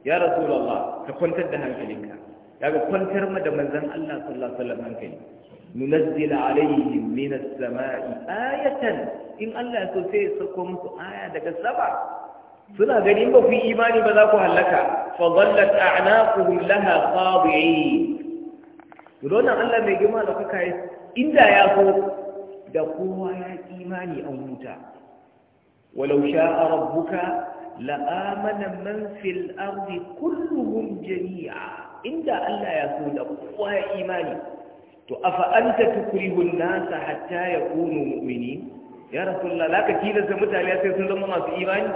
ya rasu rasulullah ka kwantar da hankalinka ya ga kwantar ma da manzon Allah sallallahu alaihi wasallam hankali ننزل عليهم من السماء آية إن الله سوسي سكم آية دك السبع سنة غنيم في إيماني بذاكو هلكا فظلت أعناقهم لها خاضعين يقولون الله ما يجمع لك كايس إن لا يقول دقوا يا إيماني أو موتا ولو شاء ربك لآمن من في الأرض كلهم جميعا إن الله يقول دقوا يا إيماني to afa anta tukrihu an-nas hatta yakunu mu'minin ya rasulullah laka kila sai mutane sai sun zama masu imani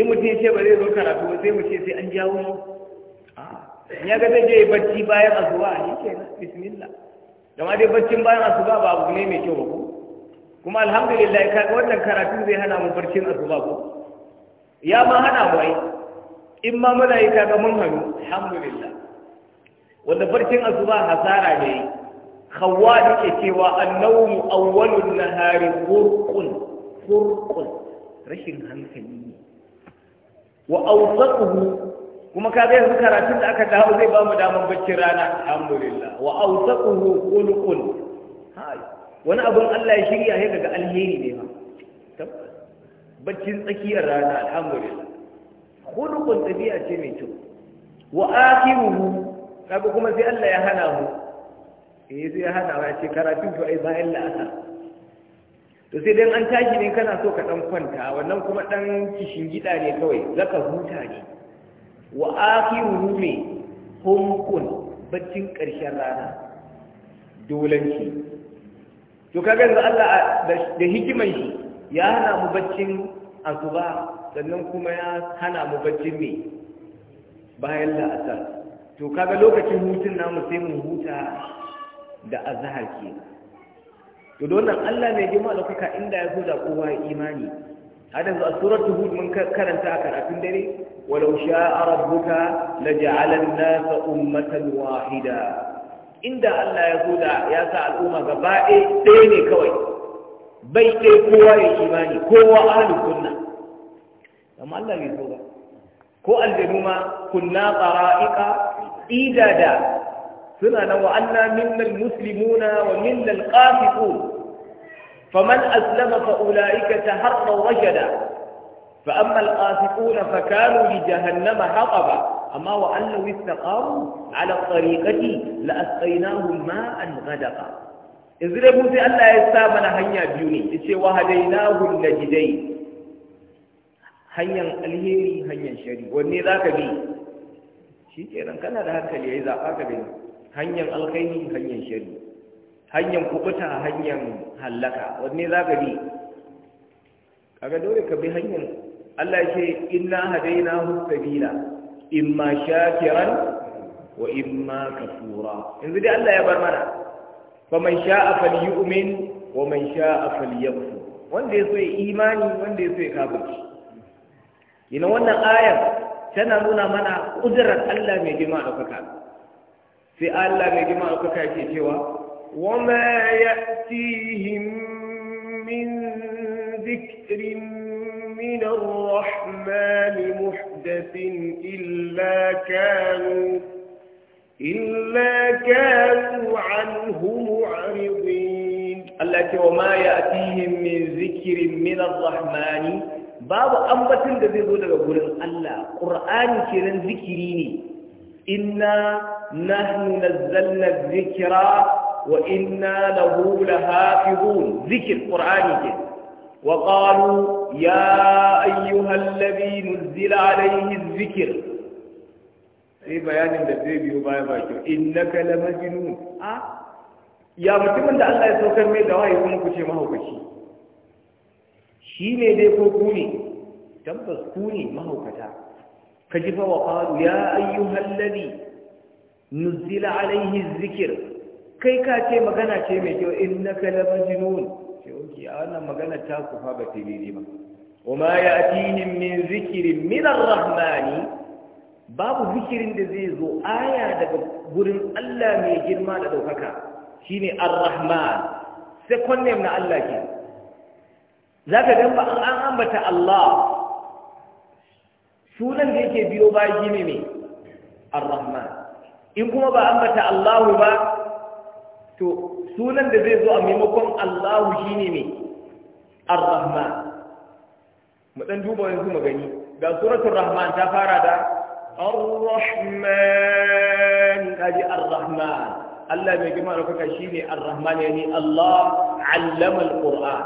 in mutum ya ce ba zai zo karatu ba sai mu ce sai an jawo mu ya ga zai je bacci bayan asuba shikenan bismillah dama dai baccin bayan asuba ba abu ne mai kyau ba ko kuma alhamdulillah ga wannan karatu zai hana mu barcin asuba ko ya ma hana mu ai in ma muna yi kaga mun hanu alhamdulillah wanda barcin asuba hasara ne hawa yake cewa annawmu awwalun nahari furqun furqun rashin hankali ne wa awsatuhu kuma ka ga yanzu karatun da aka dawo zai ba mu damar bacci rana alhamdulillah wa awsatuhu khuluqun hai wani abun Allah ya shirya sai daga alheri ne ma baccin tsakiyar rana alhamdulillah khuluqun tabi'a ce mai kyau wa akhiruhu kaga kuma sai Allah ya hana mu eh sai ya hada wa ce karatun to ai bayan la'asar to sai dan an tashi ne kana so ka dan kwanta wannan kuma dan kishin gida ne kawai zaka huta ne wa akhiruhu ne humkun baccin karshen rana dolanci to kaga yanzu Allah da hikiman shi ya hana mu baccin asuba sannan kuma ya hana mu baccin me bayan la'asar to kaga lokacin hutun namu sai mu huta da azhar ke to don nan Allah mai girma da kuka inda ya da kowa ya imani hada zuwa surar hud mun karanta a karatun dare walau sha'a rabbuka laja'ala an-nasa ummatan wahida inda Allah ya da ya sa al'umma gaba ɗaya ne kawai bai ɗaya kowa ya imani kowa ahlul sunna amma Allah bai so ba ko aljanu ma kunna qara'iqa idada سنة وأن منا المسلمون ومنا القاسطون فمن أسلم فأولئك تهروا رجدا فأما القاسطون فكانوا لجهنم حقبا أما وأن لو استقاموا على الطريقة لأسقيناهم ماء غدقا إذ لبوت ألا يستامن هيا بيوني إذ وهديناه النجدين هيا الهيري هيا الشري والنذاك بي شيء كنا لهذا كان يعيزا بيوني hanyar alkaini hanyar shari hanyar kubuta hanyar hallaka wanne za ka bi kaga dole ka bi hanyar Allah ya ce inna hu sabila imma shakiran wa imma kafura yanzu dai Allah ya bar mana man sha'a falyu'min wa man sha'a falyakfur wanda ya so ya imani wanda ya so ya kafirci ina wannan ayar tana nuna mana kudrar Allah mai girma da kaka sai Allah mai girma ɗaukaka ke cewa wama ya'tihim min dhikrin min rahman muhdathin illa kanu illa kanu anhu mu'ridin Allah ce wama ya'tihim min dhikrin min ar-rahman babu ambatin da zai zo daga gurin Allah Qur'ani kenan zikiri ne inna nahnu nazzalna dhikra wa inna lahu lahafizun zikr qur'ani ke wa qalu ya ayyuhal ladhi nuzila alayhi dhikr sai bayanin da zai biyo baya bakin innaka lamajnun a ya mutumin da Allah ya saukar mai da wahayi kuma ku ce mahaukaci shi ne dai ko ku ne tabbas ku ne mahaukata ka ji fa nuzila alaihi zikir kai ka ce magana ce mai kyau na la majnun ce oke a wannan magana ta kufa fa ba tilili ba wama ya'tihim min zikirin min rahmani babu zikirin da zai zo aya daga gurin Allah mai girma da daukaka shine ar-rahman Sai name na Allah ke Za ka ba an ambata Allah sunan da yake biyo ba shi ne ar-rahman in kuma ba ambata Allahu ba to sunan da zai zo a maimakon Allahu shine me Ar-Rahman mu dan duba yanzu mu gani ga suratul Rahman ta fara da Ar-Rahman kaji Ar-Rahman Allah mai girma da kuka shine Ar-Rahman yani Allah allama al-Qur'an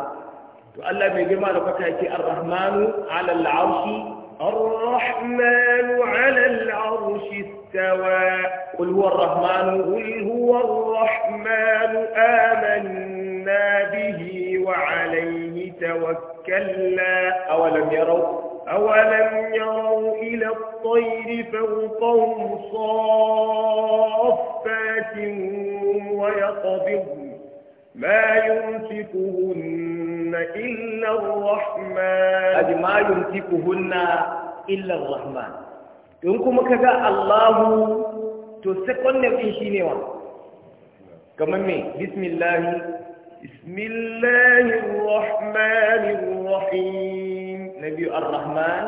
to Allah mai girma da kuka yake Ar-Rahmanu 'ala al-'arshi الرحمن على العرش استوى قل هو الرحمن قل هو الرحمن آمنا به وعليه توكلنا أولم يروا أولم يروا إلى الطير فوقهم صافات ويقبضن ما يمسكهن إلا الرحمن أدي ما يمسكهن إلا الرحمن يمكن كذا الله تسكن في شينيوا كمان بسم الله بسم الله الرحمن الرحيم نبي الرحمن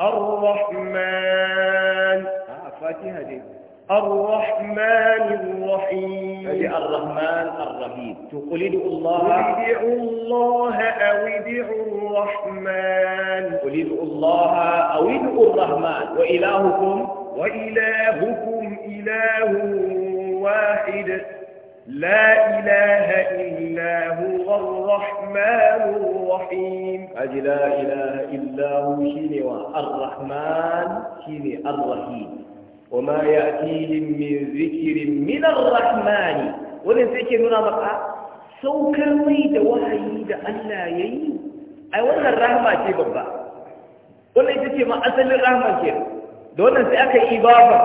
الرحمن آه فاتحة دي الرحمن الرحيم الرحمن الرحيم تقول ادعوا الله ادعوا الله أو ادعوا الرحمن قل ادعوا الله أو ادعوا الرحمن وإلهكم وإلهكم إله واحد لا إله إلا هو الرحمن الرحيم أجل لا إله إلا هو شيني الرحمن شيني الرحيم وما يأتيهم من ذكر من الرحمن wannan sai ke nuna maka saukar mai da wahayi da Allah ya yi ai wannan rahama ce babba wannan ita ce ma asalin rahama ke da wannan sai aka yi ibaba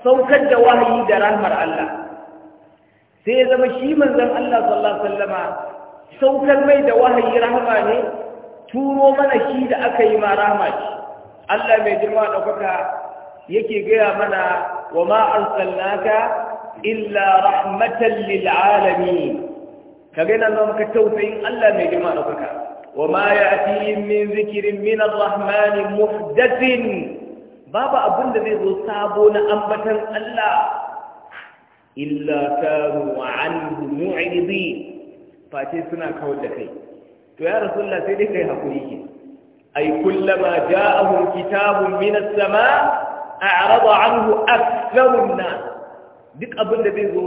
saukar da wahayi da rahmar Allah sai zama shi manzon Allah sallallahu alaihi saukar mai da wahayi rahama ne turo mana shi da aka yi ma rahama ce Allah mai girma da kuka yake gaya mana wa ma arsalnaka illa rahmatan lil alamin kaga nan nan ka tausayin Allah mai girma da kuka wa ma ya'tihim min zikrin min ar-rahman muhdathin babu abin da zai zo sabo na ambatan Allah illa kanu anhu mu'ridi fati suna kawar da kai to ya rasulullah sai dai kai hakuri ke ai kullama ja'ahum kitabun min as-sama' أعرض عنه أكثر na duk abinda da zai zo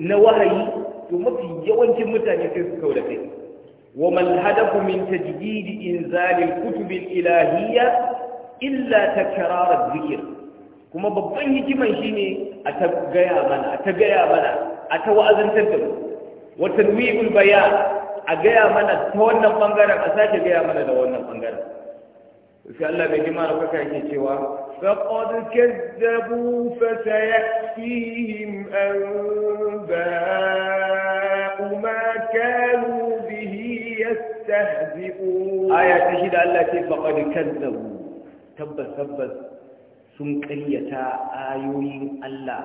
na wahayi to mafi yawancin mutane sai su kawo kai wa man hadafu min tajdid inzal al kutub al ilahiyya illa takrar al dhikr kuma babban hikiman shine a ta gaya mana a ta gaya mana a ta wa'azantar da mu wa tanwi'u al bayan a gaya mana ta wannan bangaren a sake gaya mana da wannan bangaren sai Allah bai ji mana kaka yake cewa فقد كذبوا فسيأتيهم أنباء ما كانوا به يستهزئون آية تجد أن لا تيب فقد كذبوا تب تب سم كرية آيوين الله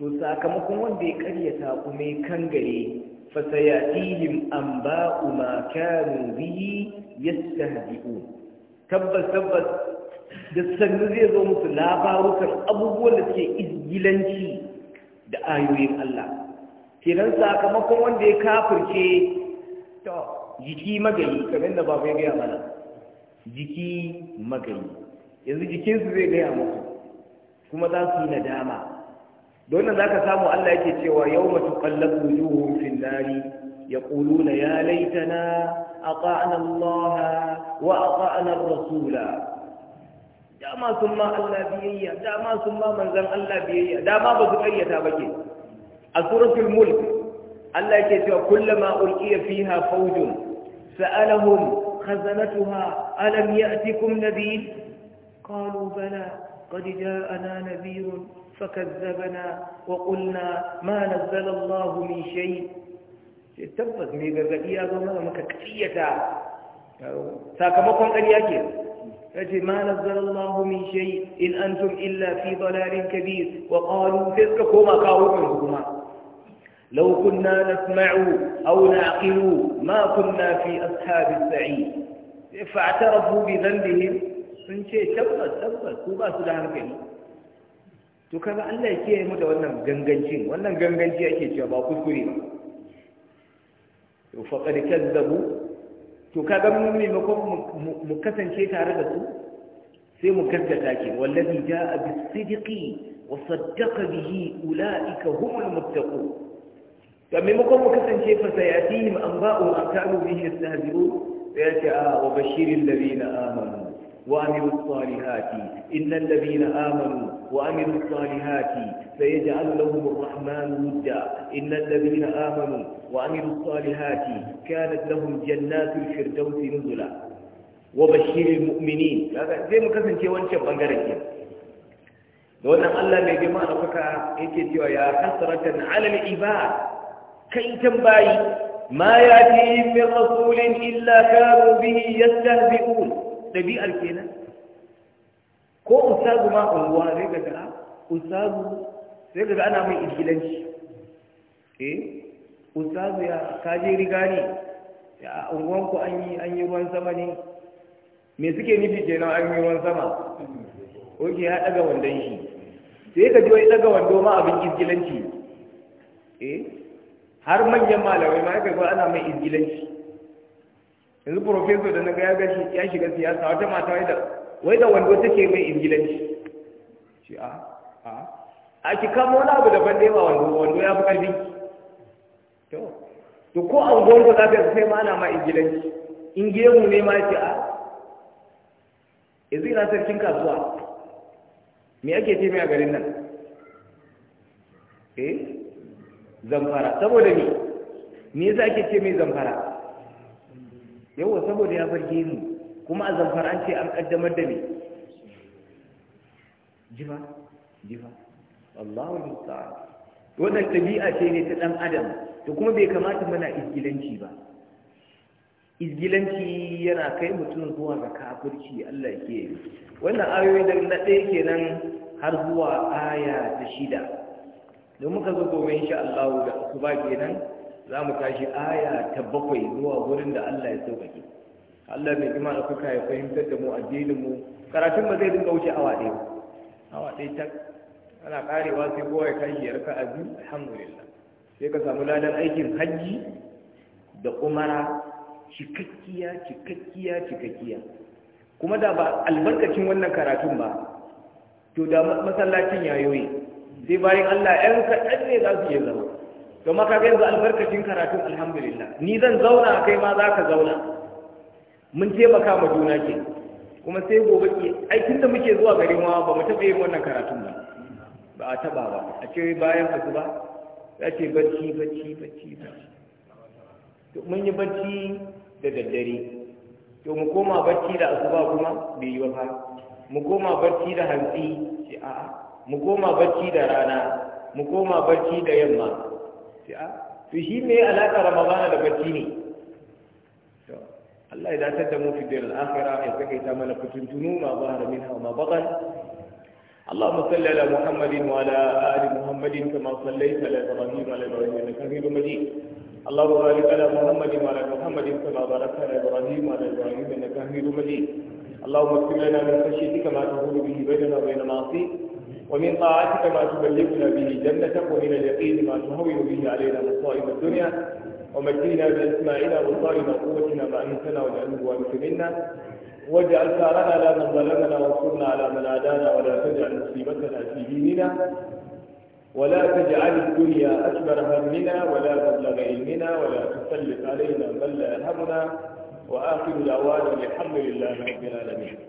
تساك مكون دي كرية أمي كنغري فسيأتيهم أنباء ما كانوا به يستهزئون تب تب da sannu zai zo musu labarukan abubuwan da suke izgilanci da ayoyin Allah kenan sakamakon wanda ya kafirce to jiki magani kamar da babu ya gaya mana jiki magani. yanzu jikinsu zai gaya musu kuma za su yi nadama don nan za ka samu Allah yake cewa yau mace kallon wujuhun nari ya ƙuluna ya laitana a ƙa'anar Allah wa a ƙa'anar Rasula dama sun ma Allah biyayya dama sun ma manzan Allah biyayya dama ba su ƙaryata ba ke a suratul mulk Allah yake cewa kullama ulqiya fiha fawjun sa'alahum khazanatuha alam ya'tikum nadhir qalu bala قد جاءنا نذير فكذبنا وقلنا ما نزل الله من شيء tabbas mai gargadi ya zo mana maka kaciyata sakamakon ƙarya ke yace ma nazzalallahu min shay in antum illa fi dalalin kabir wa qalu tilka koma kawo kan kuma law kunna nasma'u aw naqilu ma kunna fi ashabis sa'id fa'tarafu bi dhanbihim sun ce tabbas tabbas ku basu su da hankali to kaga Allah ya kiyaye mu da wannan wannan ganganci ake cewa ba kuskure ba to faqad kazzabu to ka mu maimakon mu kasance tare da su sai mu kaddata ke wallazi jaa bis-sidqi wa saddaqa bihi ulaika humul muttaqun to maimakon mu kasance fa sayatihim anba'u an kanu bihi yastahzi'un sai ya ce a ah, wa bashiril ladina amanu وعملوا الصالحات إن الذين آمنوا وعملوا الصالحات فيجعل لهم الرحمن ودا إن الذين آمنوا وعملوا الصالحات كانت لهم جنات الفردوس نزلا وبشر المؤمنين هذا زي ما كان شيء وانشا بانغارك wannan Allah mai girma da kuka يا cewa على kasratan كي ibad ما tambayi من رسول إلا كانوا به kanu ɗabi'ar kenan ko usagu ma unguwa zai ga ga usagu zai ga ana mai izgilanci eh usagu ya kaje riga ne ya unguwanku an yi an yi ruwan sama ne me suke nufi kenan an yi ruwan sama oke ya daga wandon shi sai ka ji wai daga wando ma abin izgilanci eh har manyan malamai ma kai ana mai izgilanci yanzu profesor da ya gashi ya shiga siyasa wata mata wai da wai da wando take mai ingilanci shi a ah, a ah, a ah, ki kama wani abu daban da yawa wando wando ya fi karfi to to ko a gongo za ka sai ma ana ma ingilanci in gemu ne ma ce a yanzu ina sarkin kasuwa me ake ce mai a garin nan eh zamfara saboda ni me yasa ake ce mai zamfara yawa saboda ya bar ni, kuma a zamfara an ce an kaddamar da me jima jima Allahu musta'an wannan tabi'a ce ne ta dan adam to kuma bai kamata muna izgilanci ba izgilanci yana kai mutum zuwa ga kafirci Allah ke wannan ayoyi da na ɗaya kenan har zuwa aya ta shida don muka zo gobe insha Allah da ba kenan za mu tashi aya ta bakwai zuwa wurin da Allah ya sauƙaƙe Allah mai kima da kuka ya fahimtar da mu addinin mu karatun ba zai dinga wuce awa ɗaya awa ɗaya ta ana ƙarewa sai kowa ya kashi ya raka a biyu alhamdulillah sai ka samu ladan aikin hajji da umara cikakkiya cikakkiya cikakkiya kuma da ba albarkacin wannan karatun ba to da masallacin yayoyi sai bayan Allah ɗan kaɗan ne za su iya zama don maka ga yanzu albarkacin karatun alhamdulillah ni zan zauna kai ma za ka zauna mun taimaka ma juna ke kuma sai gobe ke aikin da muke zuwa garin ma ba mu taɓa yin wannan karatun ba ba a taɓa ba a ce bayan ka ba za ce barci barci barci barci mun yi barci da daddare to mu koma barci da asuba kuma bai yi ba mu koma barci da hantsi ce a'a mu koma barci da rana mu koma barci da yamma ce a to shi me alaƙa ramadana da bacci ne Allah ya dace da mu fi da al'akhirah ya sake ta mana kutuntunu ma zahara minha ma batan اللهم صل على محمد وعلى آل محمد كما صليت على إبراهيم وعلى إبراهيم إنك حميد مجيد اللهم بارك على محمد وعلى محمد كما باركت على إبراهيم وعلى إبراهيم إنك حميد مجيد اللهم اغفر لنا من خشيتك ما تهون به بيننا وبين معصيتك ومن طاعتك ما تبلغنا به جنتك ومن اليقين ما تهون به علينا مصائب الدنيا ومجدنا بأسماعنا وصارنا قوتنا ما انسنا واجعله الوارث منا واجعل ثارنا لا من ظلمنا وانصرنا على من عادانا ولا تجعل مصيبتنا في ديننا ولا تجعل الدنيا أكبر همنا ولا مبلغ علمنا ولا تسلط علينا من لا يهمنا وآخر دعوانا الحمد لله رب العالمين